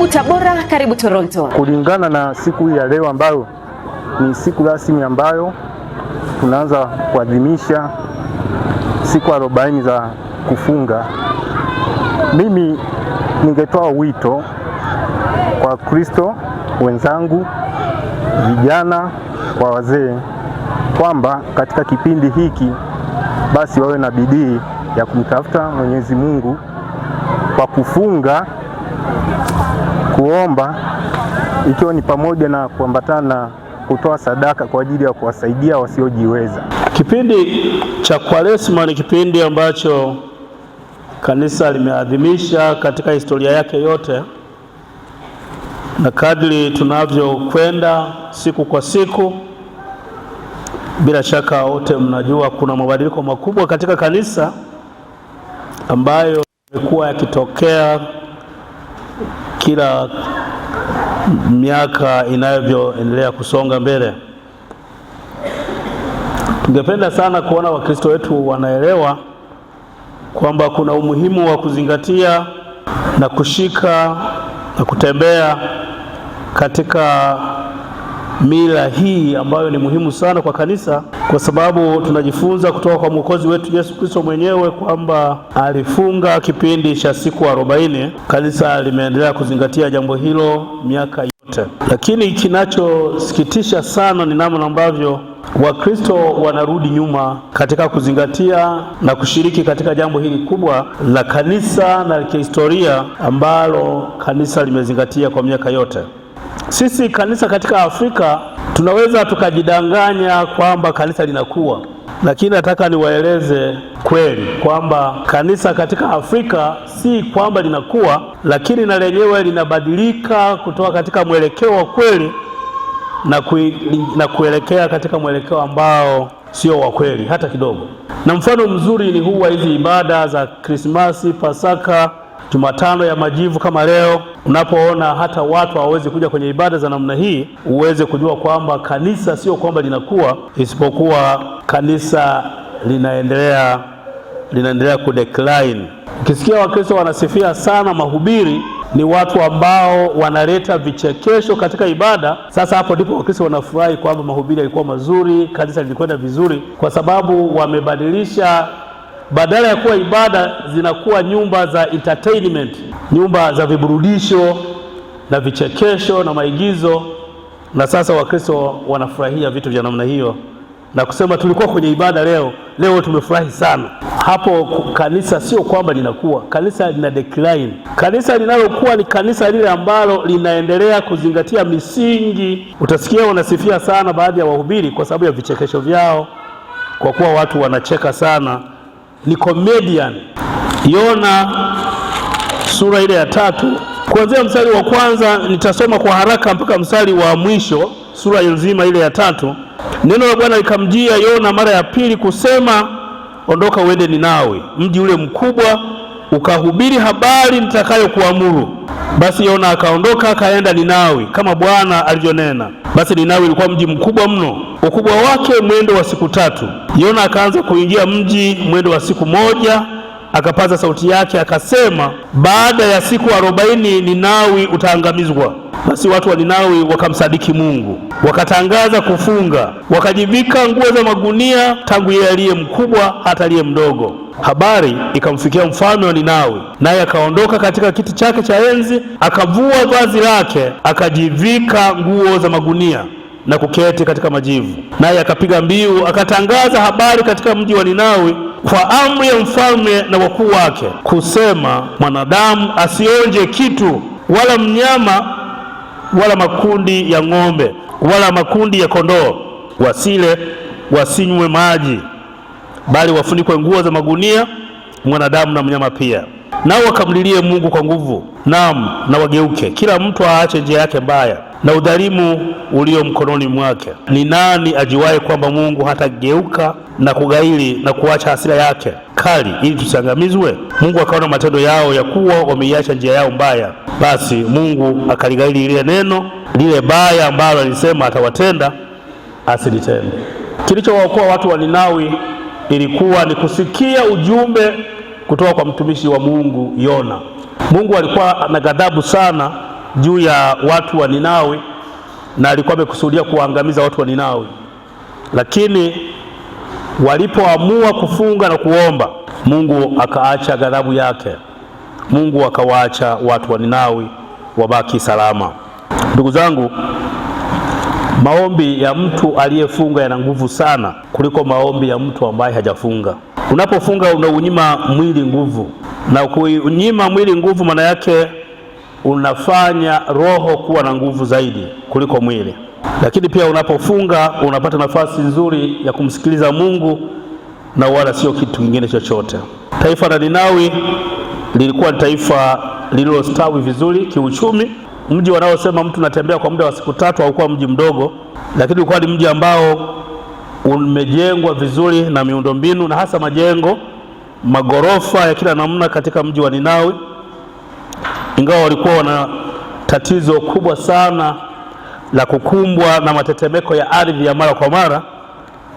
Karibu Tabora, karibu Toronto. Kulingana na siku hii ya leo ambayo ni siku rasmi ambayo tunaanza kuadhimisha siku arobaini za kufunga, mimi ningetoa wito kwa Kristo wenzangu, vijana kwa wazee, kwamba katika kipindi hiki basi wawe na bidii ya kumtafuta Mwenyezi Mungu kwa kufunga kuomba ikiwa ni pamoja na kuambatana na kutoa sadaka kwa ajili ya kuwasaidia wasiojiweza. Kipindi cha Kwaresma ni kipindi ambacho kanisa limeadhimisha katika historia yake yote, na kadri tunavyokwenda siku kwa siku, bila shaka wote mnajua kuna mabadiliko makubwa katika kanisa ambayo yamekuwa yakitokea kila miaka inavyoendelea kusonga mbele. Tungependa sana kuona Wakristo wetu wanaelewa kwamba kuna umuhimu wa kuzingatia na kushika na kutembea katika mila hii ambayo ni muhimu sana kwa kanisa, kwa sababu tunajifunza kutoka kwa mwokozi wetu Yesu Kristo mwenyewe kwamba alifunga kipindi cha siku arobaini. Kanisa limeendelea kuzingatia jambo hilo miaka yote, lakini kinachosikitisha sana ni namna ambavyo Wakristo wanarudi nyuma katika kuzingatia na kushiriki katika jambo hili kubwa la kanisa na kihistoria ambalo kanisa limezingatia kwa miaka yote. Sisi kanisa katika Afrika tunaweza tukajidanganya kwamba kanisa linakuwa, lakini nataka niwaeleze kweli kwamba kanisa katika Afrika si kwamba linakuwa, lakini na lenyewe linabadilika kutoka katika mwelekeo wa kweli na, kui, na kuelekea katika mwelekeo ambao sio wa kweli hata kidogo. Na mfano mzuri ni huu wa hizi ibada za Krismasi, Pasaka Jumatano ya Majivu kama leo, unapoona hata watu hawawezi kuja kwenye ibada za namna hii, uweze kujua kwamba kanisa sio kwamba linakuwa, isipokuwa kanisa linaendelea linaendelea kudecline. Ukisikia Wakristo wanasifia sana mahubiri ni watu ambao wanaleta vichekesho katika ibada. Sasa hapo ndipo Wakristo wanafurahi kwamba mahubiri yalikuwa mazuri, kanisa lilikwenda vizuri, kwa sababu wamebadilisha badala ya kuwa ibada zinakuwa nyumba za entertainment, nyumba za viburudisho na vichekesho na maigizo. Na sasa Wakristo wanafurahia vitu vya namna hiyo na kusema tulikuwa kwenye ibada leo, leo tumefurahi sana. Hapo kanisa sio kwamba linakuwa, kanisa lina decline. Kanisa linalokuwa ni kanisa lile ambalo linaendelea kuzingatia misingi. Utasikia wanasifia sana baadhi ya wahubiri kwa sababu ya vichekesho vyao, kwa kuwa watu wanacheka sana ni comedian. Yona sura ile ya tatu kuanzia mstari wa kwanza, nitasoma kwa haraka mpaka mstari wa mwisho sura nzima ile ya tatu. Neno la Bwana likamjia Yona mara ya pili kusema, ondoka uende Ninawi, mji ule mkubwa, ukahubiri habari nitakayokuamuru. Basi Yona akaondoka akaenda Ninawi kama Bwana alivyonena. Basi Ninawi ilikuwa mji mkubwa mno, ukubwa wake mwendo wa siku tatu. Yona akaanza kuingia mji mwendo wa siku moja, akapaza sauti yake akasema, baada ya siku arobaini Ninawi utaangamizwa. Basi watu wa Ninawi wakamsadiki Mungu, wakatangaza kufunga, wakajivika nguo za magunia, tangu yeye aliye mkubwa hata aliye mdogo. Habari ikamfikia mfalme wa Ninawi, naye akaondoka katika kiti chake cha enzi, akavua vazi lake, akajivika nguo za magunia na kuketi katika majivu. Naye akapiga mbiu akatangaza habari katika mji wa Ninawi kwa amri ya mfalme na wakuu wake, kusema, mwanadamu asionje kitu, wala mnyama, wala makundi ya ng'ombe, wala makundi ya kondoo, wasile, wasinywe maji, bali wafunikwe nguo za magunia, mwanadamu na mnyama pia nao wakamlilie Mungu kwa nguvu, naam, na wageuke, kila mtu aache njia yake mbaya na udhalimu ulio mkononi mwake. Ni nani ajiwaye kwamba Mungu hatageuka na kugaili na kuacha hasira yake kali ili tusiangamizwe? Mungu akaona matendo yao ya kuwa wameiacha njia yao mbaya, basi Mungu akaligaili lile neno lile baya ambalo alisema atawatenda asilitende. Kilichowaokoa watu wa Ninawi ilikuwa ni kusikia ujumbe kutoka kwa mtumishi wa Mungu Yona. Mungu alikuwa na ghadhabu sana juu ya watu wa Ninawi na alikuwa amekusudia kuwaangamiza watu wa Ninawi, lakini walipoamua kufunga na kuomba, Mungu akaacha ghadhabu yake. Mungu akawaacha watu wa Ninawi wabaki salama. Ndugu zangu, maombi ya mtu aliyefunga yana nguvu sana kuliko maombi ya mtu ambaye hajafunga. Unapofunga unaunyima mwili nguvu, na kuunyima mwili nguvu maana yake unafanya roho kuwa na nguvu zaidi kuliko mwili. Lakini pia unapofunga unapata nafasi nzuri ya kumsikiliza Mungu na wala sio kitu kingine chochote. Taifa la Ninawi lilikuwa taifa lililostawi vizuri kiuchumi. Mji wanaosema mtu natembea kwa muda wa siku tatu haukuwa mji mdogo, lakini ulikuwa ni mji ambao umejengwa vizuri na miundombinu na hasa majengo magorofa ya kila namna katika mji wa Ninawi ingawa walikuwa wana tatizo kubwa sana la kukumbwa na matetemeko ya ardhi ya mara kwa mara,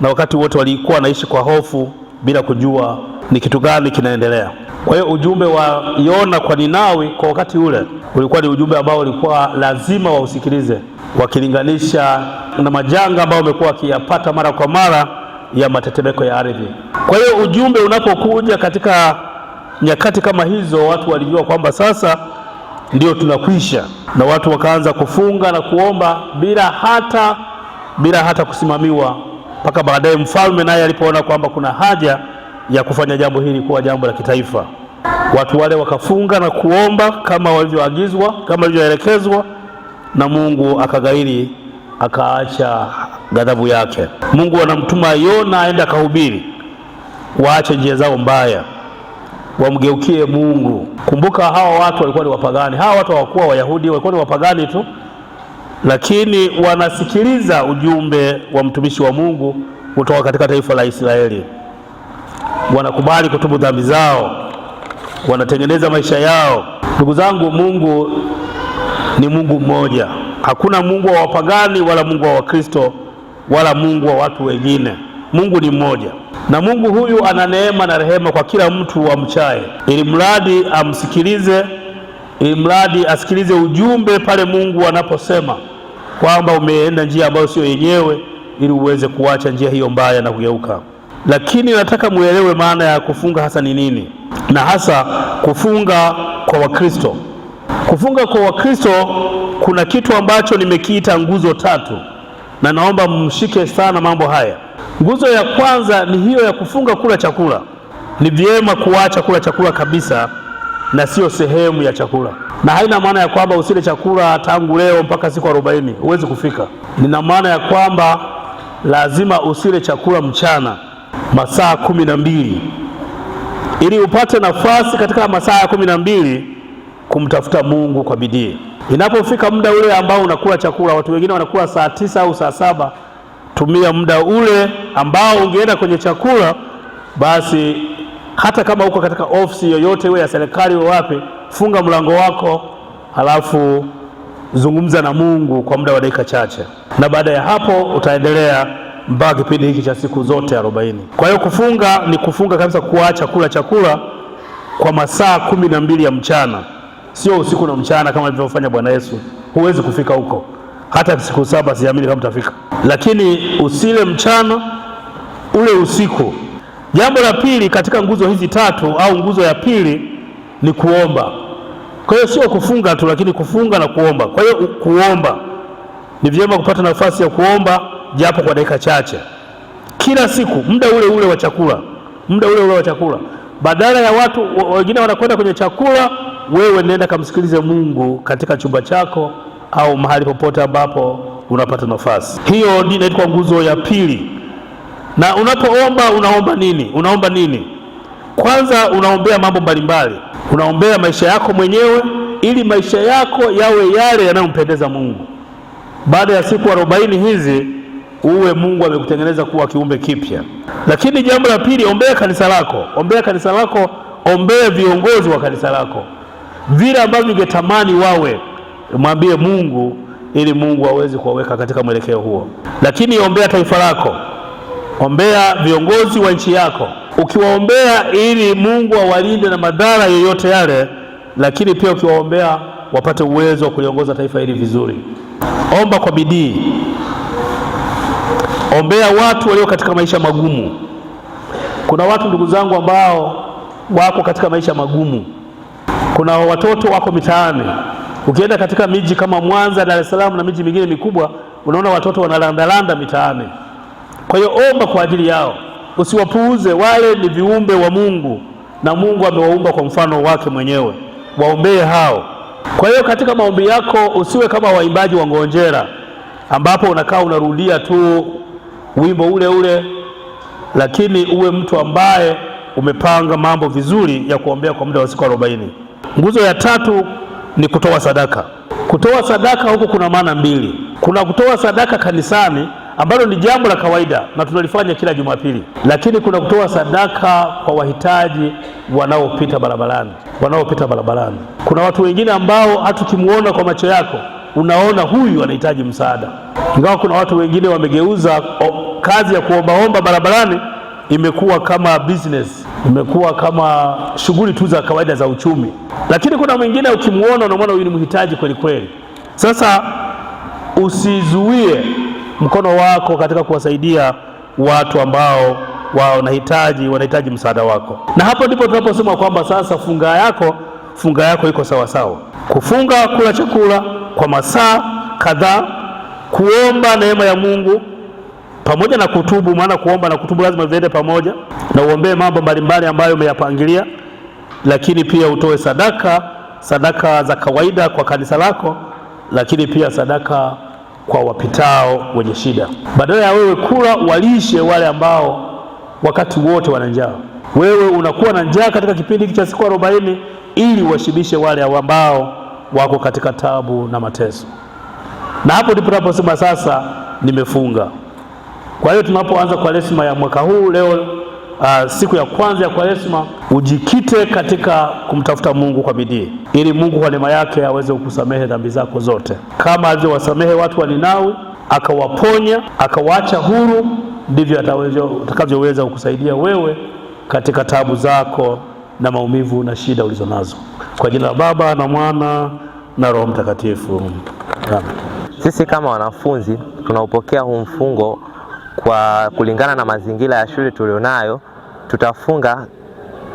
na wakati wote walikuwa wanaishi kwa hofu bila kujua ni kitu gani kinaendelea. Kwa hiyo ujumbe wa Yona kwa Ninawi kwa wakati ule ulikuwa ni ujumbe ambao ulikuwa lazima wausikilize, wakilinganisha na majanga ambayo wamekuwa wakiyapata mara kwa mara ya matetemeko ya ardhi. Kwa hiyo ujumbe unapokuja katika nyakati kama hizo, watu walijua kwamba sasa ndio tunakwisha. Na watu wakaanza kufunga na kuomba bila hata, bila hata kusimamiwa, mpaka baadaye mfalme naye alipoona kwamba kuna haja ya kufanya jambo hili kuwa jambo la kitaifa, watu wale wakafunga na kuomba kama walivyoagizwa, kama walivyoelekezwa, na Mungu akagairi akaacha ghadhabu yake. Mungu anamtuma Yona aende akahubiri, waache njia zao mbaya wamgeukie Mungu. Kumbuka hawa watu walikuwa ni wapagani, hawa watu hawakuwa Wayahudi, walikuwa ni wapagani tu, lakini wanasikiliza ujumbe wa mtumishi wa Mungu kutoka katika taifa la Israeli, wanakubali kutubu dhambi zao, wanatengeneza maisha yao. Ndugu zangu, Mungu ni Mungu mmoja. Hakuna Mungu wa wapagani wala Mungu wa Wakristo wala Mungu wa watu wengine. Mungu ni mmoja, na Mungu huyu ana neema na rehema kwa kila mtu mchaye, ili mradi amsikilize, ili mradi asikilize ujumbe pale Mungu anaposema kwamba umeenda njia ambayo sio yenyewe, ili uweze kuacha njia hiyo mbaya na kugeuka. Lakini nataka muelewe maana ya kufunga hasa ni nini, na hasa kufunga kwa Wakristo. Kufunga kwa Wakristo kuna kitu ambacho nimekiita nguzo tatu na naomba mshike sana mambo haya. Nguzo ya kwanza ni hiyo ya kufunga kula chakula. Ni vyema kuacha kula chakula kabisa na sio sehemu ya chakula, na haina maana ya kwamba usile chakula tangu leo mpaka siku arobaini, huwezi kufika. Nina maana ya kwamba lazima usile chakula mchana masaa kumi na mbili ili upate nafasi katika masaa ya kumi na mbili kumtafuta Mungu kwa bidii. Inapofika muda ule ambao unakula chakula, watu wengine wanakula saa tisa au saa saba. Tumia muda ule ambao ungeenda kwenye chakula, basi hata kama uko katika ofisi yoyote iwe ya serikali au wapi, funga mlango wako, halafu zungumza na Mungu kwa muda wa dakika chache, na baada ya hapo utaendelea mpaka kipindi hiki cha siku zote arobaini. Kwa hiyo kufunga ni kufunga kabisa, kuacha kula chakula kwa masaa kumi na mbili ya mchana sio usiku na mchana kama alivyofanya Bwana Yesu. Huwezi kufika huko, hata siku saba siamini kama utafika, lakini usile mchana ule usiku. Jambo la pili katika nguzo hizi tatu au nguzo ya pili ni kuomba. Kwa hiyo sio kufunga tu, lakini kufunga na kuomba. Kwa hiyo kuomba ni vyema kupata nafasi ya kuomba japo kwa dakika chache kila siku, muda ule ule wa chakula, muda ule ule wa chakula, badala ya watu wengine wanakwenda kwenye chakula wewe nenda kamsikilize Mungu katika chumba chako au mahali popote ambapo unapata nafasi. Hiyo ndio inaitwa nguzo ya pili. Na unapoomba unaomba nini? Unaomba nini? Kwanza unaombea mambo mbalimbali, unaombea maisha yako mwenyewe ili maisha yako yawe yale yanayompendeza Mungu. Baada ya siku arobaini hizi uwe Mungu amekutengeneza kuwa kiumbe kipya. Lakini jambo la pili, ombea kanisa lako, ombea kanisa lako, ombea viongozi wa kanisa lako vile ambavyo ungetamani wawe, mwambie Mungu ili Mungu aweze kuwaweka katika mwelekeo huo. Lakini ombea taifa lako, ombea viongozi wa nchi yako, ukiwaombea ili Mungu awalinde na madhara yoyote yale, lakini pia ukiwaombea wapate uwezo wa kuliongoza taifa hili vizuri. Omba kwa bidii, ombea watu walio katika maisha magumu. Kuna watu ndugu zangu, ambao wako katika maisha magumu kuna watoto wako mitaani. Ukienda katika miji kama Mwanza, Dar es Salaam na miji mingine mikubwa, unaona watoto wanalandalanda mitaani. Kwa hiyo omba kwa ajili yao, usiwapuuze. Wale ni viumbe wa Mungu na Mungu amewaumba kwa mfano wake mwenyewe, waombee hao. Kwa hiyo katika maombi yako usiwe kama waimbaji wa ngonjera, ambapo unakaa unarudia tu wimbo ule ule, lakini uwe mtu ambaye umepanga mambo vizuri ya kuombea kwa muda wa siku arobaini. Nguzo ya tatu ni kutoa sadaka. Kutoa sadaka huku kuna maana mbili. Kuna kutoa sadaka kanisani ambalo ni jambo la kawaida na tunalifanya kila Jumapili, lakini kuna kutoa sadaka kwa wahitaji wanaopita barabarani, wanaopita barabarani. Kuna watu wengine ambao hata ukimwona kwa macho yako unaona huyu anahitaji msaada, ingawa kuna watu wengine wamegeuza o, kazi ya kuombaomba barabarani imekuwa kama business imekuwa kama shughuli tu za kawaida za uchumi, lakini kuna mwingine ukimwona unamwona huyu ni mhitaji kweli kweli. Sasa usizuie mkono wako katika kuwasaidia watu ambao wao wanahitaji wanahitaji msaada wako, na hapo ndipo tunaposema kwamba sasa funga yako funga yako iko sawasawa, kufunga kula chakula kwa masaa kadhaa, kuomba neema ya Mungu pamoja na kutubu, maana kuomba na kutubu lazima viende pamoja, na uombee mambo mbalimbali ambayo umeyapangilia, lakini pia utoe sadaka, sadaka za kawaida kwa kanisa lako, lakini pia sadaka kwa wapitao wenye shida. Badala ya wewe kula, walishe wale ambao wakati wote wana njaa. Wewe unakuwa na njaa katika kipindi hiki cha siku arobaini ili washibishe wale ambao wako katika tabu na mateso, na hapo ndipo tunaposema sasa nimefunga. Kwa hiyo tunapoanza Kwaresma ya mwaka huu leo, uh, siku ya kwanza ya Kwaresma, ujikite katika kumtafuta Mungu kwa bidii, ili Mungu kwa neema yake aweze kukusamehe dhambi zako zote, kama alivyowasamehe watu wa Ninawi akawaponya akawaacha huru, ndivyo atakavyoweza kukusaidia wewe katika tabu zako na maumivu na shida ulizonazo. Kwa jina la Baba na Mwana na Roho Mtakatifu, amen. Sisi kama wanafunzi tunaupokea huu mfungo kwa kulingana na mazingira ya shule tulionayo, tutafunga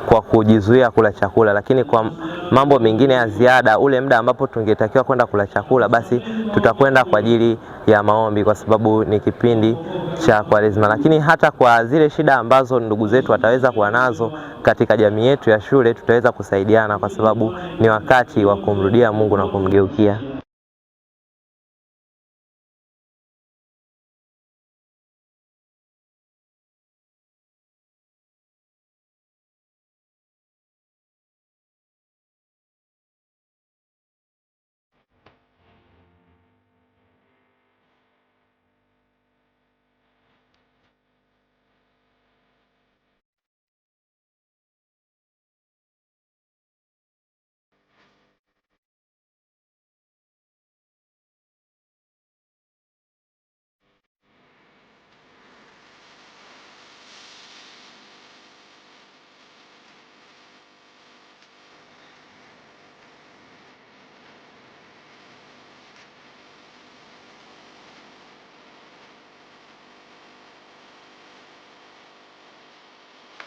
kwa kujizuia kula chakula, lakini kwa mambo mengine ya ziada, ule muda ambapo tungetakiwa kwenda kula chakula, basi tutakwenda kwa ajili ya maombi, kwa sababu ni kipindi cha Kwaresma. Lakini hata kwa zile shida ambazo ndugu zetu wataweza kuwa nazo katika jamii yetu ya shule, tutaweza kusaidiana, kwa sababu ni wakati wa kumrudia Mungu na kumgeukia.